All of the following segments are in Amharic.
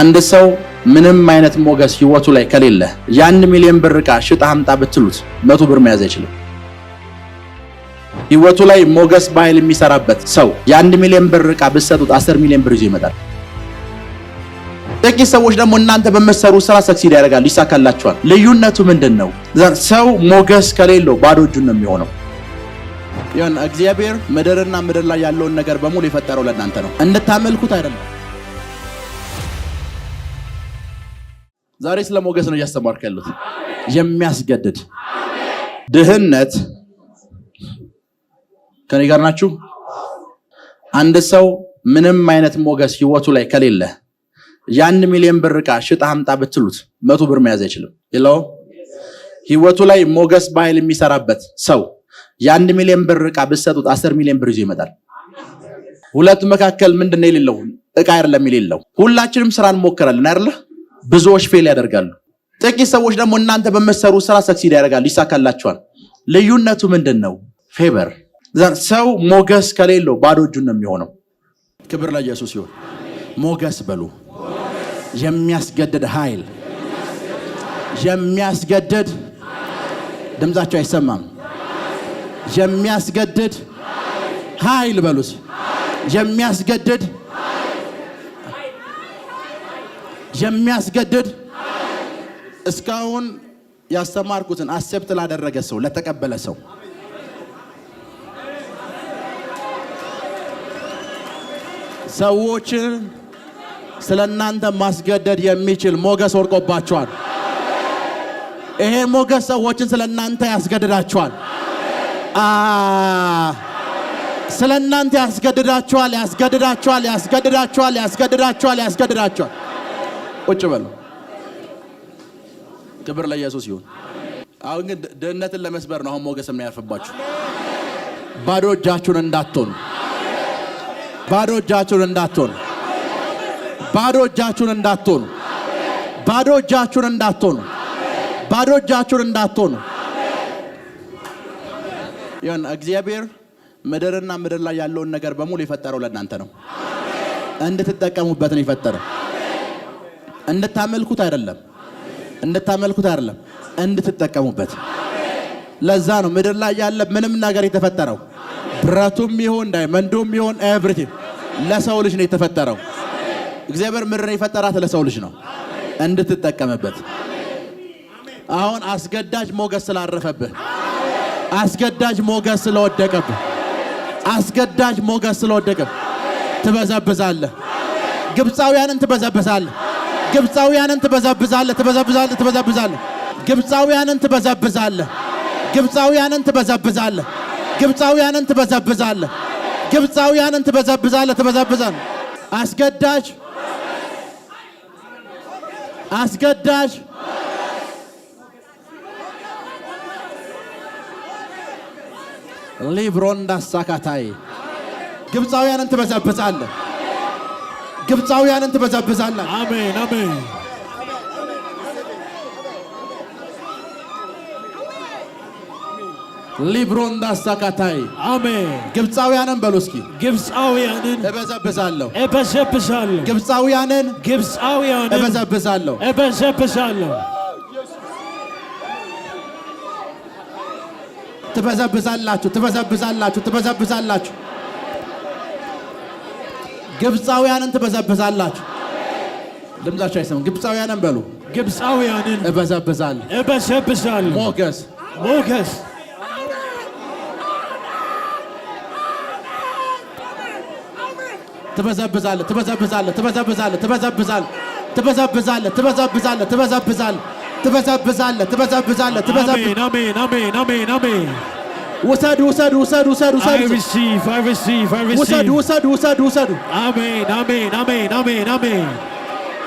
አንድ ሰው ምንም አይነት ሞገስ ህይወቱ ላይ ከሌለ የአንድ ሚሊዮን ብር እቃ ሽጣ አምጣ ብትሉት መቶ ብር መያዝ አይችልም። ህይወቱ ላይ ሞገስ በኃይል የሚሰራበት ሰው የአንድ ሚሊዮን ብር እቃ ብትሰጡት አስር ሚሊዮን ብር ይዞ ይመጣል። ጥቂት ሰዎች ደግሞ እናንተ በመሰሩ ስራ ሰክሲድ ያደርጋሉ፣ ይሳካላቸዋል። ልዩነቱ ምንድን ነው? ሰው ሞገስ ከሌለው ባዶ እጁን ነው የሚሆነው። ይሁን እግዚአብሔር ምድርና ምድር ላይ ያለውን ነገር በሙሉ የፈጠረው ለእናንተ ነው፣ እንድታመልኩት አይደለም። ዛሬ ስለ ሞገስ ነው እያስተማርክ ያሉት። የሚያስገድድ ድህነት ከኔ ጋር ናችሁ። አንድ ሰው ምንም አይነት ሞገስ ህይወቱ ላይ ከሌለ የአንድ ሚሊዮን ብር እቃ ሽጣ አምጣ ብትሉት መቶ ብር መያዝ አይችልም። ይለው ህይወቱ ላይ ሞገስ በኃይል የሚሰራበት ሰው የአንድ ሚሊዮን ብር እቃ ብትሰጡት አስር ሚሊዮን ብር ይዞ ይመጣል። ሁለቱ መካከል ምንድን ነው የሌለው? እቃ አይደለም የሌለው። ሁላችንም ስራ እንሞክራለን አይደለ? ብዙዎች ፌል ያደርጋሉ። ጥቂት ሰዎች ደግሞ እናንተ በመሰሩ ስራ ሰክሲድ ያደርጋሉ፣ ይሳካላቸዋል። ልዩነቱ ምንድን ነው? ፌበር። ሰው ሞገስ ከሌለው ባዶ እጁን ነው የሚሆነው። ክብር ለኢየሱስ ይሁን። ሞገስ በሉ። የሚያስገድድ ኃይል፣ የሚያስገድድ ድምፃቸው አይሰማም። የሚያስገድድ ኃይል በሉት። የሚያስገድድ የሚያስገድድ እስካሁን ያስተማርኩትን አሴፕት ላደረገ ሰው ለተቀበለ ሰው ሰዎችን ስለ እናንተ ማስገደድ የሚችል ሞገስ ወርቆባቸዋል ይሄ ሞገስ ሰዎችን ስለ እናንተ ያስገድዳቸዋል። ስለ እናንተ ያስገድዳቸዋል፣ ያስገድዳቸዋል፣ ያስገድዳቸዋል፣ ያስገድዳቸዋል፣ ያስገድዳቸዋል። ቁጭ በሉ። ክብር ለኢየሱስ ይሁን። አሁን ግን ድህነትን ለመስበር ነው። አሁን ሞገስ የሚያርፍባችሁ። ያርፍባችሁ። ባዶ እጃችሁን እንዳትሆኑ፣ ባዶ እጃችሁን እንዳትሆኑ፣ ባዶ እጃችሁን እንዳትሆኑ፣ ባዶ እጃችሁን እንዳትሆኑ፣ ባዶ እጃችሁን እንዳትሆኑ። ይሁን እግዚአብሔር ምድርና ምድር ላይ ያለውን ነገር በሙሉ የፈጠረው ለእናንተ ነው፣ እንድትጠቀሙበት ነው የፈጠረው። እንድታመልኩት አይደለም፣ እንድታመልኩት አይደለም፣ እንድትጠቀሙበት። ለዛ ነው ምድር ላይ ያለ ምንም ነገር የተፈጠረው ብረቱም ይሁን ዳይመንዱም ይሁን ኤቭሪቲንግ ለሰው ልጅ ነው የተፈጠረው። እግዚአብሔር ምድርን የፈጠራት ለሰው ልጅ ነው እንድትጠቀምበት። አሁን አስገዳጅ ሞገስ ስላረፈብህ፣ አስገዳጅ ሞገስ ስለወደቀብህ፣ አስገዳጅ ሞገስ ስለወደቀብህ ትበዘብዛለህ። ግብፃውያንን ትበዘብዛለህ። ግብፃውያንን ትበዘብዛለህ፣ ትበዘብዛለህ፣ ትበዘብዛለህ። ግብፃውያንን ትበዘብዛለህ፣ ግብፃውያንን ትበዘብዛለህ፣ ግብፃውያንን ትበዘብዛለህ፣ ግብፃውያንን ትበዘብዛለህ፣ ትበዘብዛለህ። አስገዳጅ አስገዳጅ ሊብሮን ዳሳካታይ ግብፃውያንን ትበዘብዛለህ። ግብፃውያንን ትበዘብዛለን። አሜን አሜን። ሊብሮን ዳሳካታይ አሜን። ግብፃውያንን በሉ እስኪ ግብፃውያንን እበዘብዛለሁ እበዘብዛለሁ። ግብፃውያንን ግብፃውያንን እበዘብዛለሁ እበዘብዛለሁ። ትበዘብዛላችሁ ትበዘብዛላችሁ ትበዘብዛላችሁ ግብፃውያንን ትበዘብዛላችሁ። ድምጻችሁ አይሰማም። ግብፃውያንን በሉ። ግብፃውያንን እበዘብዛል እበዘብዛል። ሞገስ ሞገስ ትበዘብዛለ ትበዘብዛለ ትበዘብዛለ ትበዘብዛለ ትበዘብዛለ ትበዘብዛለ ትበዘብዛለ ትበዘብዛለ ትበዘብዛለ ትበዘብዛለ ትበዘብዛለ ትበዘብዛለ አሜን። ውሰዱ ውሰዱ ውሰዱ ውሰዱ ውሰዱ ውሰዱ ውሰዱ ውሰዱ አሜን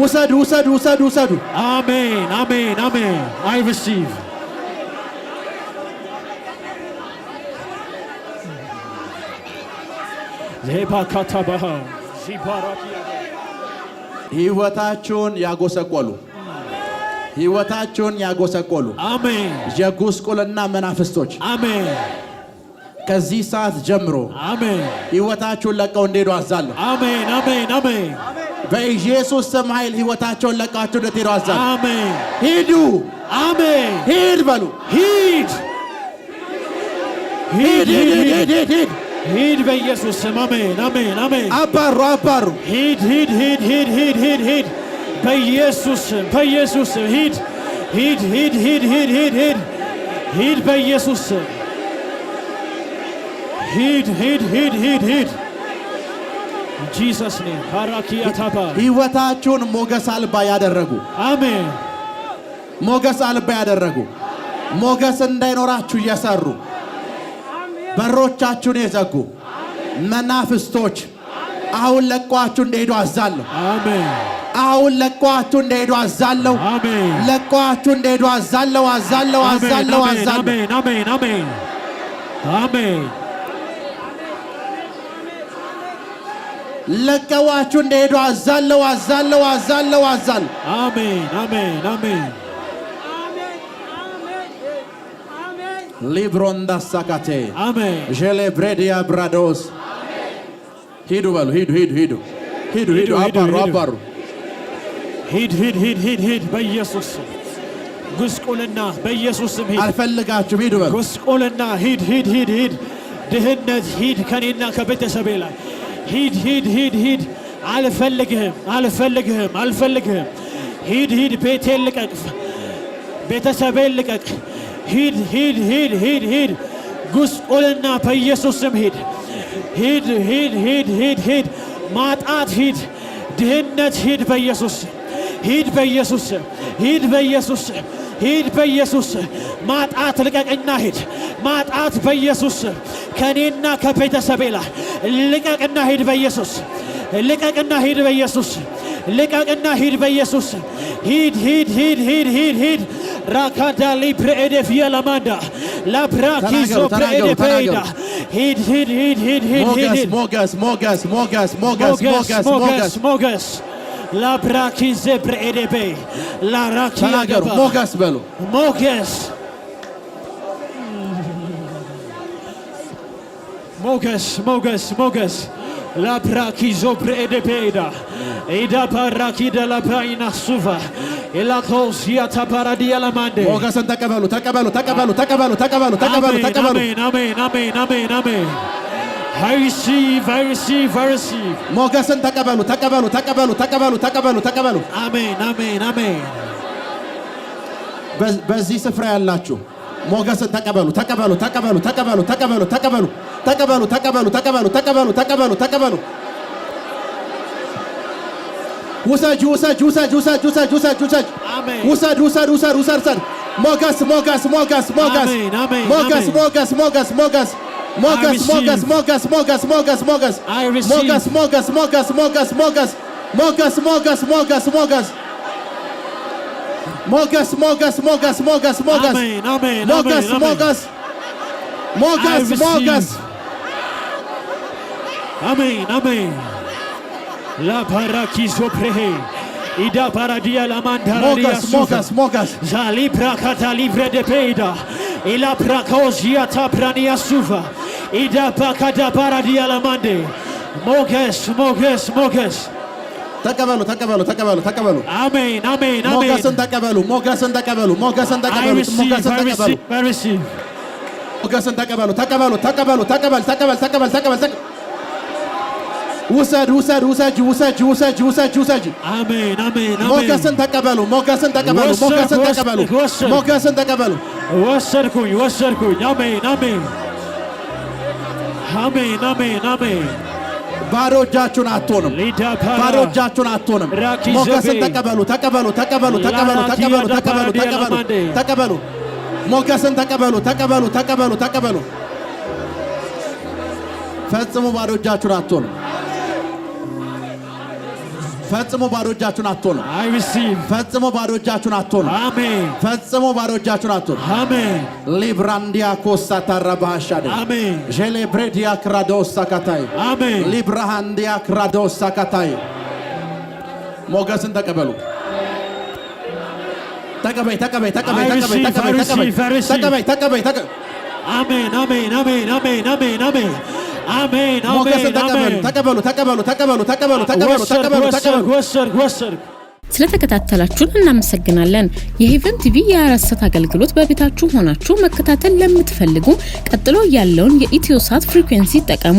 ውሰዱ ውሰዱ ውሰዱ ውሰዱ አሜን አሜን አሜን አይ ሪሲቭ ህይወታችሁን ያጎሰቆሉ ህይወታችሁን ያጎሰቆሉ አሜን። የጉስቁልና መናፍስቶች አሜን። ከዚህ ሰዓት ጀምሮ አሜን፣ ህይወታችሁን ለቀው እንዲሄዱ አዛለሁ። አሜን፣ አሜን፣ አሜን። በኢየሱስ ስም ኃይል ህይወታቸውን ለቃችሁ እንድትሄዱ አዛለሁ። አሜን። ሂዱ። አሜን። ሂድ በሉ። ሂድ፣ ሂድ፣ ሂድ፣ ሂድ ሂድ በኢየሱስ ስም አሜን፣ አሜን፣ አሜን። አባሩ፣ አባሩ። ሂድ፣ ሂድ፣ ሂድ፣ ሂድ፣ ሂድ፣ ሂድ በኢየሱስም በኢየሱስም ሂድ ሂድ ሂድ ሂድ ሂድ ሂድ ሂድ ሂድ በኢየሱስም ሂድ ሂድ ሂድ ሂድ ሂድ ጂሰስ ኔም ባራኪያታባ ህይወታችሁን ሞገስ አልባ ያደረጉ አሜን። ሞገስ አልባ ያደረጉ ሞገስ እንዳይኖራችሁ እየሰሩ በሮቻችሁን የዘጉ መናፍስቶች አሁን ለቋችሁ እንደሄዱ አዛለሁ። አሜን። አሁን ለቋችሁ እንደሄዱ አዛለው ለቋችሁ እንደሄዱ አዛለው አዛለው አዛለው አዛለው። አሜን አሜን አሜን ለቀዋችሁ እንደሄዱ አዛለው አዛለው አዛለው አዛለው። አሜን አሜን አሜን ሊብሮንዳ ሳካቴ አሜን ጀሌ ብራዶስ ሂዱ በሉ ሂዱ ሂዱ ሂዱ ሂዱ ሂዱ አባሩ አባሩ ሂድ ሂድ ሂድ ሂድ ሂድ በኢየሱስ ጉስቁልና በኢየሱስ ስም ሂድ። አልፈልጋችሁም ሂድ በል። ጉስቁልና ሂድ ሂድ ሂድ ሂድ። ድህነት ሂድ ከኔና ከቤተሰቤ ላይ ሂድ ሂድ ሂድ ሂድ። አልፈልግህም አልፈልግህም አልፈልግህም። ሂድ ሂድ። ቤቴን ልቀቅ፣ ቤተሰቤን ልቀቅ። ሂድ ሂድ ሂድ ሂድ ሂድ። ጉስቁልና በኢየሱስ ስም ሂድ ሂድ ሂድ ሂድ ሂድ። ማጣት ሂድ፣ ድህነት ሂድ በኢየሱስ ሂድ በኢየሱስ ሂድ በኢየሱስ ሂድ በኢየሱስ ማጣት ልቀቀኝና ሂድ ማጣት በኢየሱስ ከእኔና ከቤተሰቤ ላይ ልቀቅና ሂድ በኢየሱስ ልቀቅና ሂድ በኢየሱስ ልቀቅና ሂድ በኢየሱስ ሂድ ሂድ ሂድ ሂድ ሂድ ሂድ ራካዳ ሊፕሬዴፍ የለማንዳ ላብራኪዞ ፕሬዴ ፔዳ ሂድ ሂድ ሂድ ሂድ ሂድ ሂድ ሞገስ ሞገስ ሞገስ ሞገስ ሞገስ ሞገስ ሞገስ ላብራኪዘ ብርኤዴቤ ላራኪ ተናገሩ። ሞገስ በሉ ሞገስ ሞገስ ሞገስ ሞገስ ላብራኪዞ ብርኤዴቤዳ ኢዳ ባራኪ ደላባይና ሱቫ ኤላኮስ ያታባራዲ ያለማንዴ ሞገስን ተቀበሉ ተቀበሉ ተቀበሉ ተቀበሉ ተቀበሉ ተቀበሉ። አሜን አሜን አሜን አሜን አሜን ሞገስን ተቀበሉ ተቀበሉ ተቀበሉ ተቀበሉ ተቀበሉ ተቀበሉ። አሜን አሜን አሜን። በዚህ ስፍራ ያላችሁ ሞገስን ተቀበሉ ተቀበሉ ተቀበሉ ተቀበሉ ተቀበሉ ተቀበሉ ተቀበሉ ተቀበሉ ተቀበሉ ተቀበሉ ተቀበሉ ተቀበሉ። ውሰጅ ውሰጅ ውሰጅ ውሰጅ ውሰጅ ውሰጅ ውሰጅ ውሰድ ውሰድ ውሰድ ውሰድ ውሰድ ሞገስ ሞገስ ሞገስ ሞገስ ሞገስ ሞገስ ሞገስ Mogas, mogas, mogas, mogas, mogas, mogas. Mogas, mogas, mogas, mogas, mogas. Mogas, mogas, mogas, mogas. Mogas, mogas, mogas, mogas, mogas. Amém, amém, mogas, amém, mogas. Mogas, mogas. Amém, amém. La baraki soprei. Ida paradia la mandararia Mogas, mogas, mogas. Zali prakata livre de peida. Ila prakosia taprania suva. ኢዳባ ካዳባራ ዲያላማንዴ ሞገስ ሞገስ ሞገስ ተቀበሉ ተቀበሉ ተቀበሉ ተቀበሉ። አሜን አሜን አሜን። ሞገስን ተቀበሉ ሞገስን ተቀበሉ ሞገስን ተቀበሉ ሞገስን ተቀበሉ ሞገስን ተቀበሉ ተቀበሉ ተቀበሉ ተቀበል ተቀበል ተቀበል ተቀበል ውሰድ ውሰድ ውሰጅ ውሰጅ ውሰጅ ውሰጅ ውሰጅ። አሜን አሜን አሜን። ሞገስን ተቀበሉ ሞገስን ተቀበሉ ሞገስን ተቀበሉ ሞገስን ተቀበሉ። ወሰድኩኝ ወሰድኩኝ። አሜን አሜን አሜን፣ አሜን፣ አሜን። ባዶ እጃችሁን አትሆንም። ባዶ እጃችሁን አትሆንም። ሞገስን ተቀበሉ፣ ተቀበሉ፣ ተቀበሉ፣ ተቀበሉ፣ ተቀበሉ፣ ተቀበሉ፣ ተቀበሉ፣ ተቀበሉ። ሞገስን ተቀበሉ፣ ተቀበሉ፣ ተቀበሉ፣ ተቀበሉ። ፈጽሙ ባዶ እጃችሁን አትሆንም። ፈጽሞ ባዶ እጃችሁን አትሆኑ። ፈጽሞ ባዶ እጃችሁን አትሆኑ። አሜን። ፈጽሞ ባዶ እጃችሁን አትሆኑ። አሜን። ሊብራንዲያ ኮሳ ታራባሃሻ አሜን። ዤሌ ክራዶሳ ካታይ አሜን። ሊብራሃንዲያ ክራዶሳ ካታይ ሞገስን ተቀበሉ። ተቀበይ ተቀበይ ተቀበይ ተቀበይ ተቀበይ ተቀበይ ተቀበይ ተቀበይ አሜን አሜን አሜን አሜን አሜን አሜን አሜን። ሞገስን ተቀበሉ፣ ተቀበሉ፣ ተቀበሉ፣ ተቀበሉ፣ ተቀበሉ፣ ተቀበሉ፣ ተቀበሉ። ወሰድክ፣ ወሰድክ። ስለተከታተላችሁን እናመሰግናለን። የሄቨን ቲቪ የአራሰት አገልግሎት በቤታችሁ ሆናችሁ መከታተል ለምትፈልጉ ቀጥሎ ያለውን የኢትዮሳት ፍሪኩዌንሲ ይጠቀሙ።